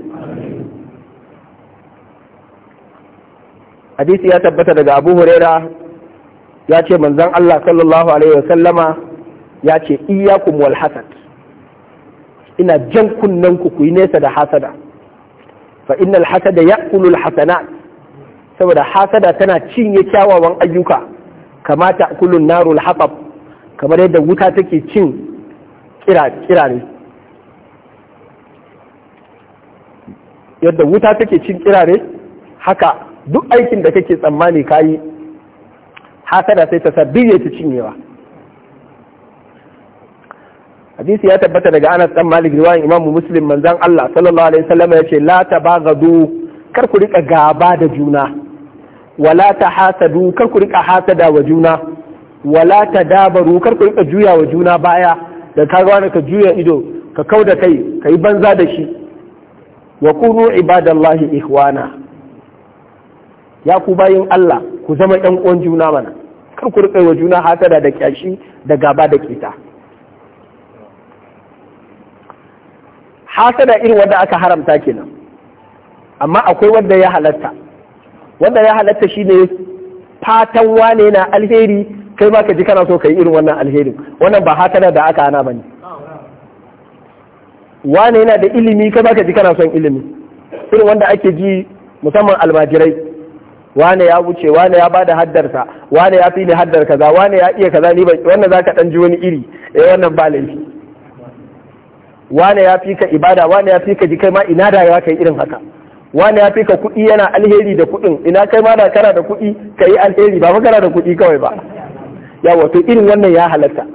hadisi ya tabbata daga Abu Huraira ya ce manzon Allah sallallahu alaihi wasallama ya ce iyyakum wal hasad ina jan kunnen ku ku yi nesa da hasada fa innal hasada ya'kulu al hasanat saboda hasada tana cinye kyawawan ayyuka kamata kullun narul haɓab kamar yadda wuta take cin ne yadda wuta take cin ne haka duk aikin da kake tsammani kayi hasada sai ta sabiye ta cinyewa hadisi ya tabbata daga Anas dan Malik riwayan imamu Muslim manzan Allah sallallahu alaihi wasallam ya ce la tabaghadu kar ku rika gaba da juna wala ta hasadu kar ku rika hasada wa juna wala ta dabaru kar ku rika juya wa juna baya da ka gwana ka juya ido ka kau da kai ka yi banza da shi wa kunu ibadallahi ihwana ya ku bayin Allah ku zama ɗan uwan juna mana kar ku rika wa juna hasada da kyashi da gaba da kita hasada irin wanda aka haramta kenan amma akwai wanda ya halatta wanda ya halatta shi ne fatan wane na alheri kai ma ka ji kana so ka yi irin wannan alherin wannan ba haka da aka ana ne wane yana da ilimi kai ma ka ji kana son ilimi irin wanda ake ji musamman almajirai wane ya wuce wane ya bada haddarsa wane ya fi ni haddar kaza wane ya iya kaza ni ba wannan zaka dan ji wani iri eh wannan ba laifi wane ya fi ka ibada wane ya fi ka ji kai ma ina da ya kai irin haka wani ya fi ka kuɗi yana alheri da kuɗin ina kai ma da kana da kuɗi ka yi alheri ba kana da kuɗi kawai ba ya wato irin wannan ya halatta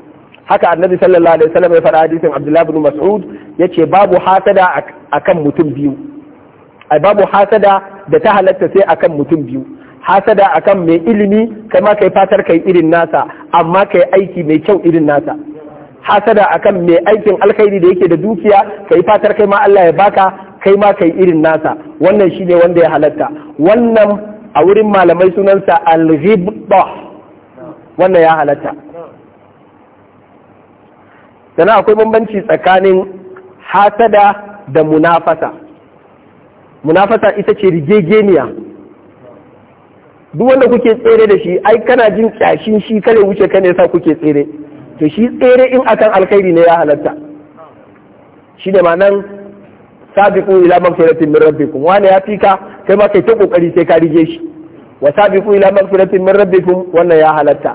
haka annabi sallallahu alaihi wasallam ya fara hadisin abdullahi bin mas'ud yace babu hasada akan mutum biyu ai babu hasada da ta halatta sai akan mutum biyu hasada akan mai ilimi kai ma kai fatar kai irin nasa amma kai aiki mai kyau irin nasa hasada akan mai aikin alkhairi da yake da dukiya kai fatar kai ma Allah ya baka kai ma kai irin nasa wannan shine wanda ya halatta wannan a wurin malamai sunansa al wannan ya halatta sannan akwai bambanci tsakanin hasada da munafasa munafasa ita ce rigegeniya duk wanda kuke tsere da shi ai kana jin kyashin shi kare wuce ka ne sa kuke tsere to shi tsere in akan alkhairi ne ya halatta shi da ma nan sabiqu ila magfiratin min rabbikum wani ya fika kai ma kai ta kokari sai ka rige shi wa sabiqu ila magfiratin min rabbikum wannan ya halatta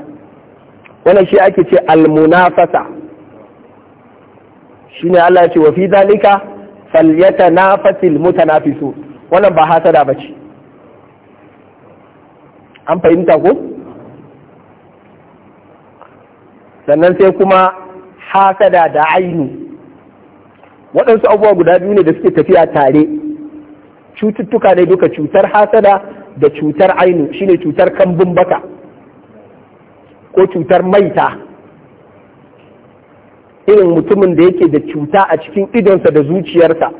wannan shi ake ce shi shine Allah ya ce wa fi zalika falyatanafasil mutanafisu wannan ba hasada bace an fahimta ko sannan sai kuma hasada da aini. waɗansu abubuwa guda biyu ne da suke tafiya tare cututtuka ne duka cutar hasada da cutar ainu shine cutar kambun baka ko cutar maita irin mutumin da yake da cuta a cikin idonsa da zuciyarsa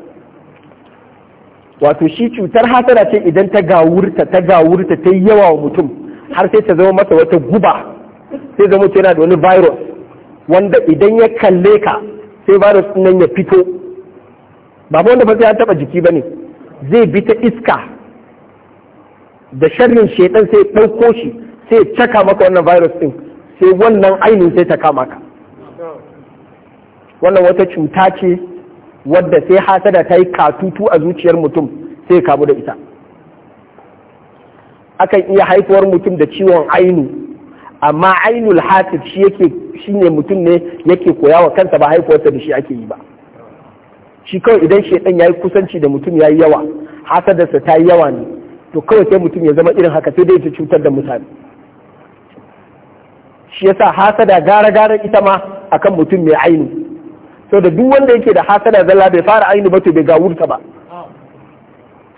wato shi cutar hasada ce idan ta gawurta ta gawurta ta yi yawa wa mutum har sai ta zama masa wata guba sai zama yana da wani virus wanda idan ya kalle ka sai virus nan ya fito ba wanda ya sai taba jiki ba ne zai bi ta iska da sharrin shaidan sai ɗauko shi sai caka maka wannan virus ɗin sai wannan ainihin sai ta kama ka wannan wata cuta ce wadda sai hasada ta yi katutu a zuciyar mutum sai kamu da ita akan iya haifuwar mutum da ciwon ainu amma ainul hasib shi ne mutum ne yake koyawa kansa ba haifuwarsa da shi ake yi ba shi kawai idan ya yi kusanci da mutum ya yi yawa hasadarsa ta yi yawa ne to kawai sai mutum ya zama irin haka sai dai ta cutar da mutane shi yasa hasada gara gara ita ma akan mutum mai ainu sau da duk wanda yake da hasada zalla bai fara aini ba to bai gawurta ba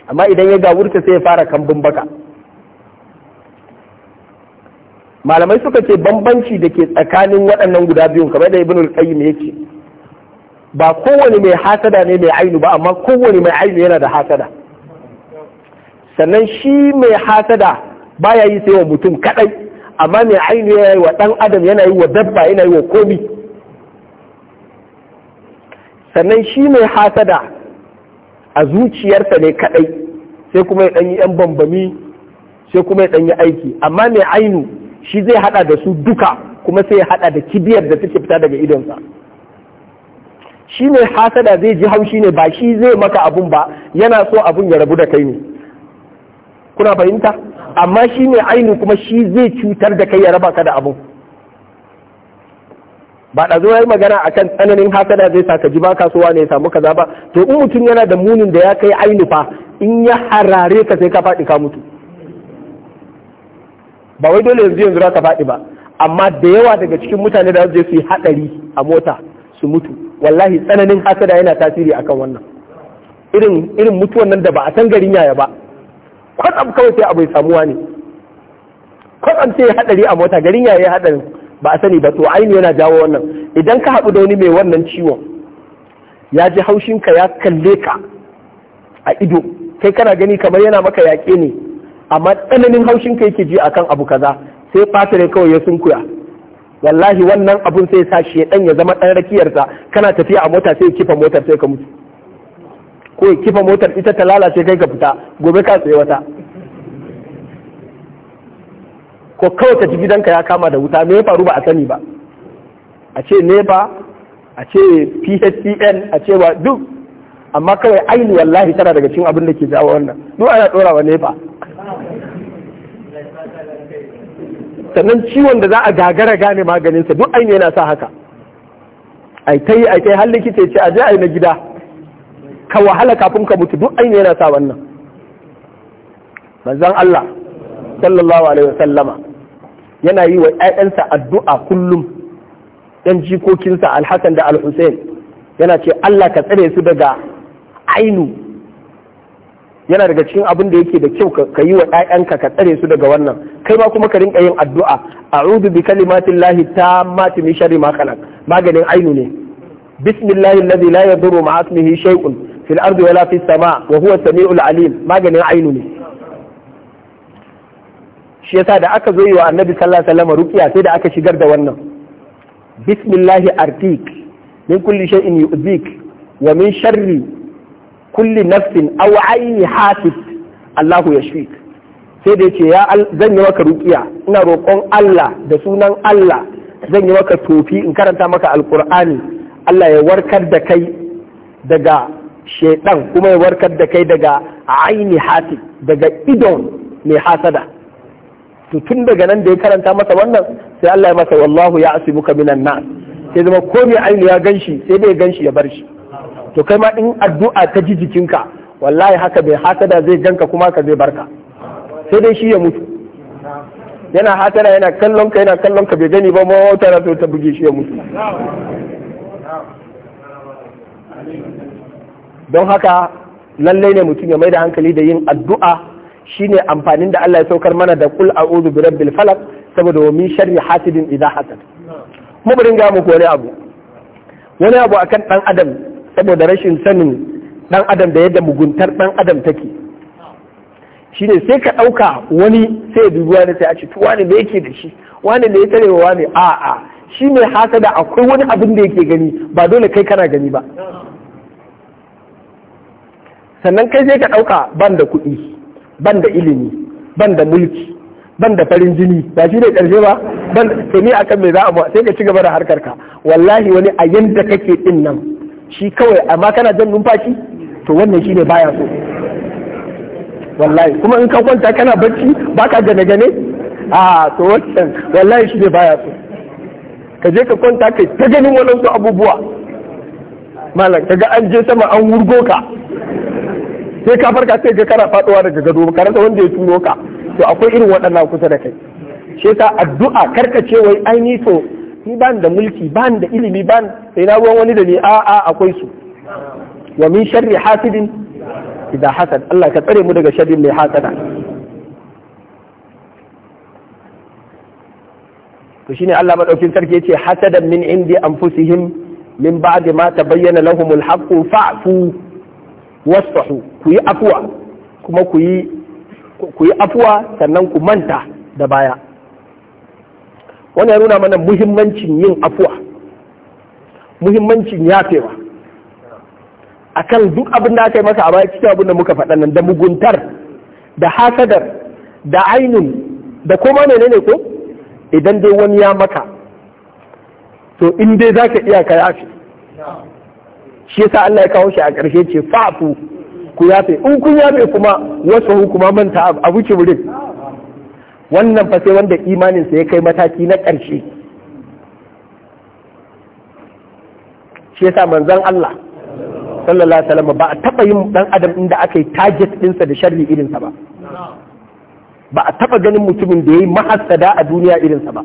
amma idan ya gawurta sai ya fara kambun baka malamai suka ce bambanci da ke tsakanin waɗannan guda biyun kamar da ibn al-qayyim yake ba kowane mai hasada ne mai ainu ba amma kowane mai ainu yana da hasada sannan shi mai hasada baya yi sai wa mutum kadai amma mai ainu yana yi wa dan adam yana yi wa dabba yana yi wa komi sannan shi mai hasada a zuciyarsa ne kadai sai kuma ya danyi 'yan bambami sai kuma ya danyi aiki amma mai ainu shi zai hada da su duka kuma sai ya hada da kibiyar da take fita daga idonsa. shi ne hasada zai ji haushi ne ba shi zai maka abun ba yana so abun ya rabu da kai ne kuna fahimta amma shi ne ainihin kuma shi zai cutar da kai ya raba ka da abun ba da zo yi magana akan tsananin hasada zai sa ka ji ba kasuwa ne ya samu kaza ba to in mutum yana da munin da ya kai ainihin fa in ya harare ka sai ka faɗi ka mutu ba wai dole yanzu yanzu za ka faɗi ba amma da yawa daga cikin mutane da su je su yi haɗari a mota su mutu wallahi tsananin hasada yana tasiri akan wannan irin irin mutuwan nan da ba a san garin yaya ba kwatsam kawai sai abu samuwa ne kwatsam sai hadari a mota garin yaya ya hadarin ba a sani ba to aini yana jawo wannan idan ka haɗu da wani mai wannan ciwon ya ji haushinka ya kalle ka a ido kai kana gani kamar yana maka yaƙe ne amma tsananin haushinka yake ji akan abu kaza sai fata kawai ya sunkuya wallahi wannan abun sai sa shi ya zama ɗan rakiyarsa kana tafiya a mota sai kifa motar sai ka mutu ko kifa motar ita ta lalace kai ka fita gobe ka tsaye wata ko kawai ta ji gidanka ya kama da wuta me ya faru ba a sani ba a ce nepa a ce phcn e a ce wa duk amma kawai aini wallahi tana daga cikin abin da ke jawo wannan duk ana ɗora wa sannan ciwon da za a gagara gane maganinsa duk ainihin yana sa haka ai ta yi ai har likita ce a je na gida ka wahala kafin ka mutu duk ainihi yana sa wannan manzon Allah sallallahu alaihi wasallama yana yi wa ƴaƴansa addu'a kullum yan jikokinsa Alhassan da al yana ce Allah ka tsare su daga ainu yana daga cikin abin da yake da kyau ka yi wa ɗayanka ka tsare su daga wannan kai ma kuma ka rinka yin addu'a a'udhu bi kalimatin Lahi ta mati min sharri ma khalaq maganin ainu ne bismillahi alladhi la yadurru ma asmihi shay'un fil ardi wala fis sama' wa huwa samiul alim maganin ainu ne shi yasa da aka zo yi wa annabi sallallahu alaihi wasallam ruqiya sai da aka shigar da wannan bismillahi artik min kulli shay'in yu'zik wa min sharri kulli nafsin aw aini hafi Allahu yashfik sai da ce ya zan yi maka ruqiya ina roƙon Allah da sunan Allah zan yi maka tofi in karanta maka alqur'ani Allah ya warkar da kai daga shaidan kuma ya warkar da kai daga aini hati daga idon mai hasada to tun daga nan da ya karanta masa wannan sai Allah ya masa wallahu ya asibuka minan nas sai zama ko mai aini ya ganshi sai dai ya ganshi ya bar shi to kai ma in addu'a ta ji jikinka wallahi haka bai hasada zai janka kuma ka zai barka sai dai shi ya mutu yana hasada yana kallon ka yana kallon ka bai gani ba ma wata to ta buge shi ya mutu don haka lallai ne mutum ya mai da hankali da yin addu'a shine amfanin da Allah ya saukar mana da kul a'udhu bi rabbil falaq saboda wa min sharri hasidin idha hasad mu bari ga muku wani abu wani abu akan dan adam saboda rashin sanin ɗan adam da yadda muguntar ɗan adam take shine sai ka ɗauka wani sai dubi wani sai a ce wani da yake da shi wani da ya tare wa wani a a shi ne da akwai wani abin da yake gani ba dole kai kana gani ba sannan kai sai ka ɗauka ban da kuɗi ban da ilimi ban da mulki ban da farin jini ba shi ne ƙarshe ba ban da ni akan me za a sai ka ci gaba da ka. wallahi wani a yanda kake din nan shi kawai amma kana jan numfashi to wannan shine baya so wallahi kuma in ka kwanta kana bacci baka gane gane a to wannan wallahi ne baya so ka je ka kwanta kai ta ganin wadansu abubuwa malam kaga an je sama an wurgo ka sai ka farka sai ga kana faduwa daga gado ka rasa wanda ya turo ka to akwai irin waɗannan kusa da kai shi yasa addu'a karkace wai ai ni to ni ban da mulki ban da ilimi ban sai na ruwan wani da ni a a akwai su wa min sharri hasidin idan hasad Allah ka tsare mu daga sharrin mai hasada to shine Allah madaukin sarki yace hasadan min indi anfusihim min ba'di ma tabayyana lahumul haqqu fa'fu wasfahu ku yi afwa kuma ku yi ku yi afwa sannan ku manta da baya wani ya nuna mana muhimmancin yin afuwa muhimmancin yafewa kan duk abin da aka yi masa a baya cikin abin da muka faɗa nan da muguntar da hasadar da ainin, da koma menene ko idan dai wani ya maka to in dai za ka iya ka yafe shi yasa Allah ya kawo shi a ƙarshe ce fa'fu ku yafe in kun yafe kuma wasu kuma manta abu ce wurin wannan fa sai wanda imaninsa ya kai mataki na ƙarshe shi yasa manzon Allah sallallahu alaihi wasallam ba a taba yin dan adam inda aka yi target ɗinsa da sharri irinsa ba ba a taba ganin mutumin da ya yi mahassada a duniya irinsa ba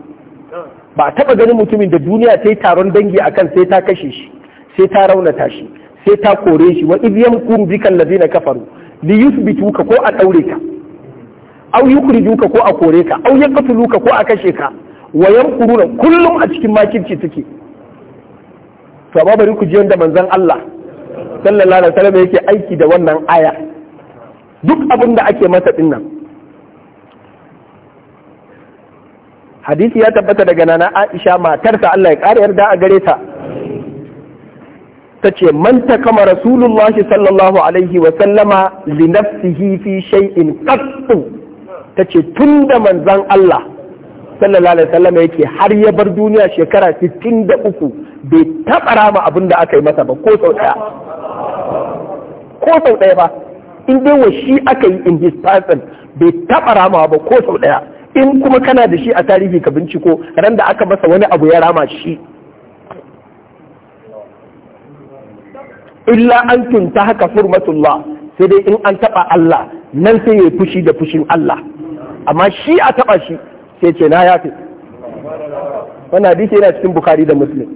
ba a taba ganin mutumin da duniya ta yi taron dangi akan sai ta kashe shi sai ta raunata shi sai ta kore shi wa idyam kum bikal ladina kafaru li yuthbituka ko a daure ka au yukrijuka ko a kore ka au yaqtuluka ko a kashe ka wa yamkuruna kullum a cikin makirci take to amma bari ku ji yanda manzon Allah sallallahu alaihi wasallam yake aiki da wannan aya duk abin da ake masa ɗinnan hadisi ya tabbata daga nana Aisha matarsa Allah ya kare yarda a gare ta ta ce man ta kama rasulullahi sallallahu alaihi wa sallama li nafsihi fi shay'in qattu ta ce tun da manzan Allah sallallahu alaihi wasallam yake har ya bar duniya shekara 63 bai taɓa rama abin da aka yi masa ba ko sau ɗaya ko sau ɗaya ba in dai wa shi aka yi in his person bai taɓa rama ba ko sau ɗaya in kuma kana da shi a tarihi ka binciko ran da aka masa wani abu ya rama shi illa an tunta haka furmatullah sai dai in an taɓa Allah nan sai ya fushi da fushin Allah amma shi a taba shi sai ce na yafe wannan hadisi yana cikin bukari da muslim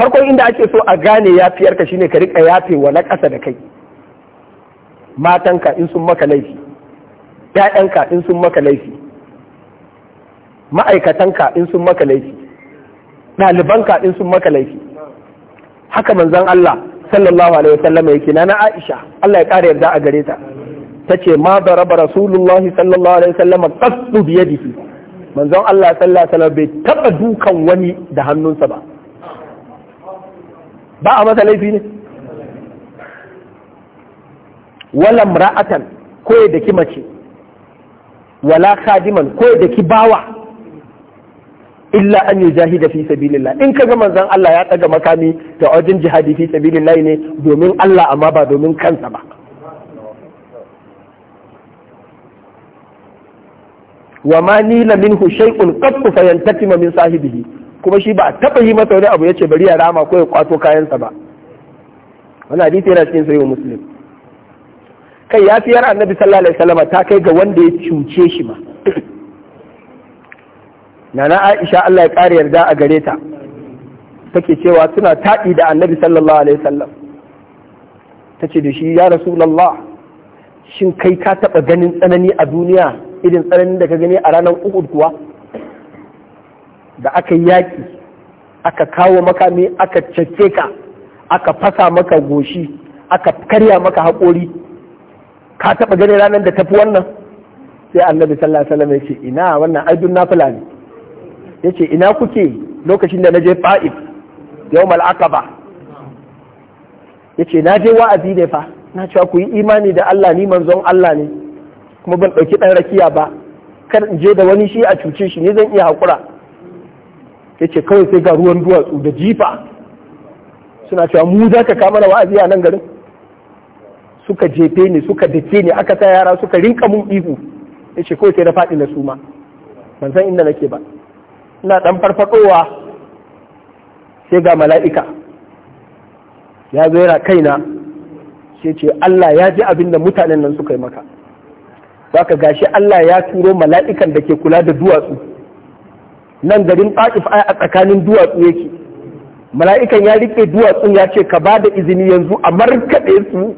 farkon inda ake so a gane yafiyarka shine ka rika yafe wa na ƙasa da kai matanka in sun maka laifi ƴaƴanka in sun maka laifi ma'aikatanka in sun maka laifi ɗalibanka in sun maka laifi haka manzon Allah sallallahu alaihi wasallam yake na Aisha Allah ya kare yarda a gare ta ta ce ma daraba rasulullahi sallallahu alaihi wasallam qasdu bi yadihi manzon Allah sallallahu alaihi wasallam bai taba dukan wani da hannunsa ba ba a masa laifi ne wala ra'atan ko da ki mace wala khadiman ko da ki bawa illa an yi jahida fi sabilillah in kaga manzon Allah ya daga makami da wajen jihadi fi sabilillah ne domin Allah amma ba domin kansa ba wa ma la minhu shay'un qad fa min sahibihi kuma shi ba a taba yi masa wani abu yace bari ya rama ko ya kwato kayansa ba wannan hadisi yana cikin sahihu muslim kai ya fiyar annabi sallallahu alaihi wasallam ta kai ga wanda ya cuce shi ba nana aisha Allah ya ƙara yarda a gare ta take cewa suna taɗi da annabi sallallahu alaihi wasallam ta ce da shi ya rasulallah shin kai ka taɓa ganin tsanani a duniya irin tsananin da ka gani a ranar uku kuwa da aka yi yaƙi aka kawo makami aka cece ka aka fasa maka goshi aka karya maka haƙori ka taɓa ganin ranar da tafi wannan sai annabi sallallahu alaihi sallam ya ce ina wannan aidun na fulani ya ce ina kuke lokacin da na je fa'if yau ba ya ce na je wa'azi ne fa na cewa ku yi imani da Allah ni manzon Allah ne kuma ban ɗauki ɗan rakiya ba kar in je da wani shi a cuce shi ne zan iya haƙura ya ce kawai sai ga ruwan duwatsu da jifa suna cewa mu za ka kama da wa'azi a nan garin suka jefe ni suka dake ni aka sa yara suka rinka mun ihu ya ce kawai sai na faɗi na suma ban san inda nake ba ina ɗan farfaɗowa sai ga mala'ika ya zo kaina sai ce Allah ya ji abin da mutanen nan suka yi maka ka gashi Allah ya turo mala'ikan da ke kula da duwatsu nan garin ɗaƙif a tsakanin duwatsu yake mala'ikan ya riƙe duwatsun ya ce ka ba da izini yanzu a markaɗe su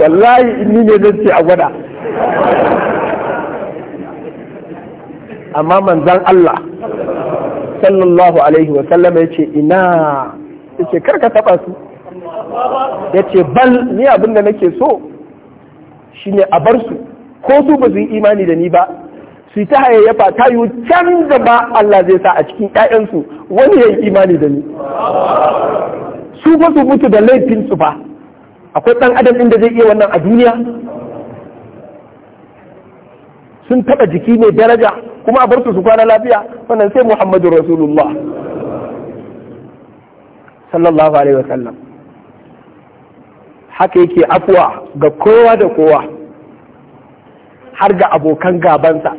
wallahi inni ne zai ce a gwada amma manzan Allah sallallahu alaihi wa sallam ya ce ina ya ce karka taba su ya ce bal ni abin da nake so shine a bar su ko su ba su yi imani da ni ba su ta hayayyafa ta yi can gaba Allah zai sa a cikin 'ya'yansu wani ya yi imani da ni su ba su mutu da laifin su ba akwai ɗan adam inda zai iya wannan a duniya sun taɓa jiki mai daraja kuma a bar su kwana lafiya wannan sai muhammadu rasulullah sallallahu alaihi wa sallam. haka yake afuwa ga kowa da kowa har ga abokan gabansa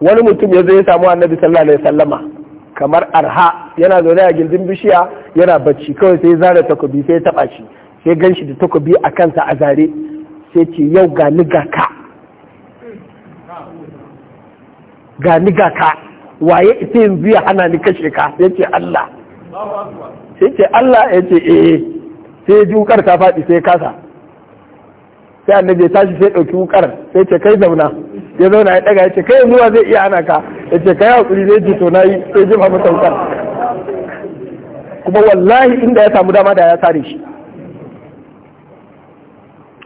wani mutum ya zo ya samu annabi sallallahu alaihi sallama kamar arha yana zaune a gindin bishiya yana bacci kawai sai zara takobi sai ya taba shi sai ganshi da takobi a kansa a zare sai ce yau ga ni ga ka ga ni ga ka waye ita yanzu ya hana ni kashe ka yace Allah yace Allah ce eh sai ji wukar ta faɗi sai kasa sai annabi ya tashi sai ɗauki wukar sai ce kai zauna ya zauna ya ɗaga ya ce kai zuwa zai iya hana ka ya ce kai hakuri zai ji tona na yi sai jima mafi saukar kuma wallahi inda ya samu dama da ya sare shi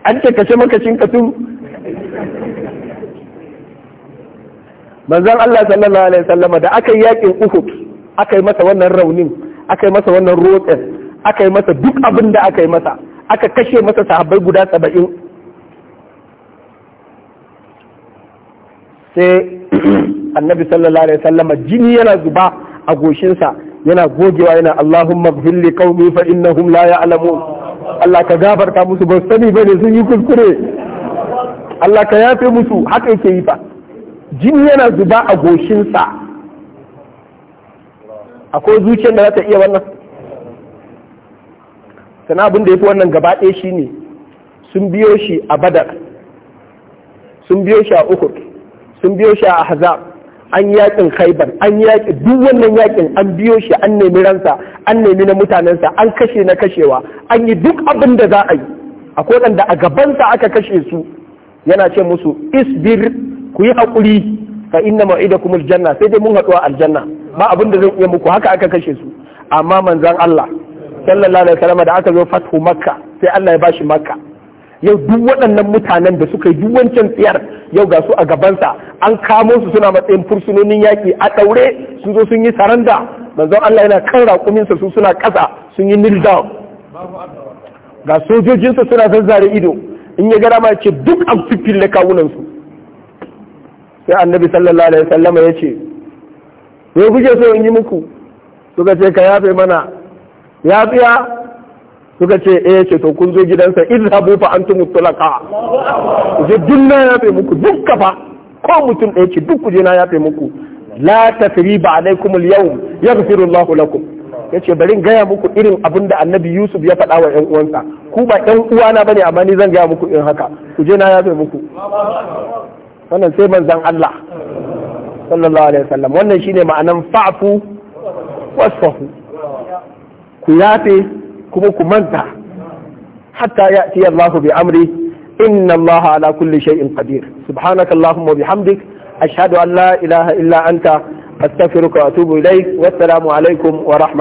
an ce kashe makashin ka tun manzan Allah sallallahu alaihi wasallama da aka yi yakin Uhud aka yi masa wannan raunin aka yi masa wannan roƙin aka yi masa duk abin da aka yi masa aka kashe masa sahabbai guda saba'in sai annabi sallallahu alaihi wasallama jini yana zuba a goshinsa yana gogewa yana Allahumma ghfirli qaumi fa innahum la ya'lamun Allah ka gafarta musu ba sani bane sun yi kuskure Allah ka yafe musu haka yake yi fa jini yana zuba a goshinsa akwai zuciyar da za ta iya wannan sana abin da ya fi wannan gaba ɗaya shi ne sun biyo shi a badar sun biyo shi a uhud sun biyo shi a ahzab an yakin khaibar an yaƙi. duk wannan yakin an biyo shi an nemi ransa an nemi na mutanensa an kashe na kashewa an yi duk abin da za a yi akwai waɗanda a gabansa aka kashe su yana ce musu isbir ku yi haƙuri fa inna kuma aljanna sai dai mun haɗuwa aljanna ba abin da zan iya muku haka aka kashe su amma manzan Allah sallallahu alaihi wasallam da aka zo fathu makka sai Allah ya bashi makka yau duk waɗannan mutanen da suka yi duk wancan tsiyar yau ga su a gabansa an kamo su suna matsayin fursunonin yaƙi a ɗaure sun zo sun yi saranda manzon Allah yana kan raƙuminsa su suna ƙasa sun yi kneel down ga sojojinsa suna zazzare ido in ya gara ma ce duk an kawunan kawunansu sai annabi sallallahu alaihi sallama ya ce me kuke so in yi muku suka ce ka yafe mana ya tsaya suka ce eh ce to kun zo gidansa izhabu fa antum tulaqa je na yafe muku dukka fa ko mutum ɗaya ce duk kuje na yafe muku la ba alaikum al-yawm yaghfiru allah lakum yace bari in gaya muku irin abin da annabi Yusuf ya faɗa wa ƴan uwansa ku ba ƴan uwana bane amma ni zan gaya muku in haka kuje na yafe muku wannan sai manzan Allah sallallahu alaihi wasallam wannan shine ma'anan fa'fu wasfahu ku yafe kuma ku manta hatta ya'ti Allahu bi amri inna Allah ala kulli shay'in qadir subhanaka allahumma bihamdik ashhadu an la ilaha illa anta astaghfiruka wa atubu ilaik wassalamu alaikum wa rahmatullahi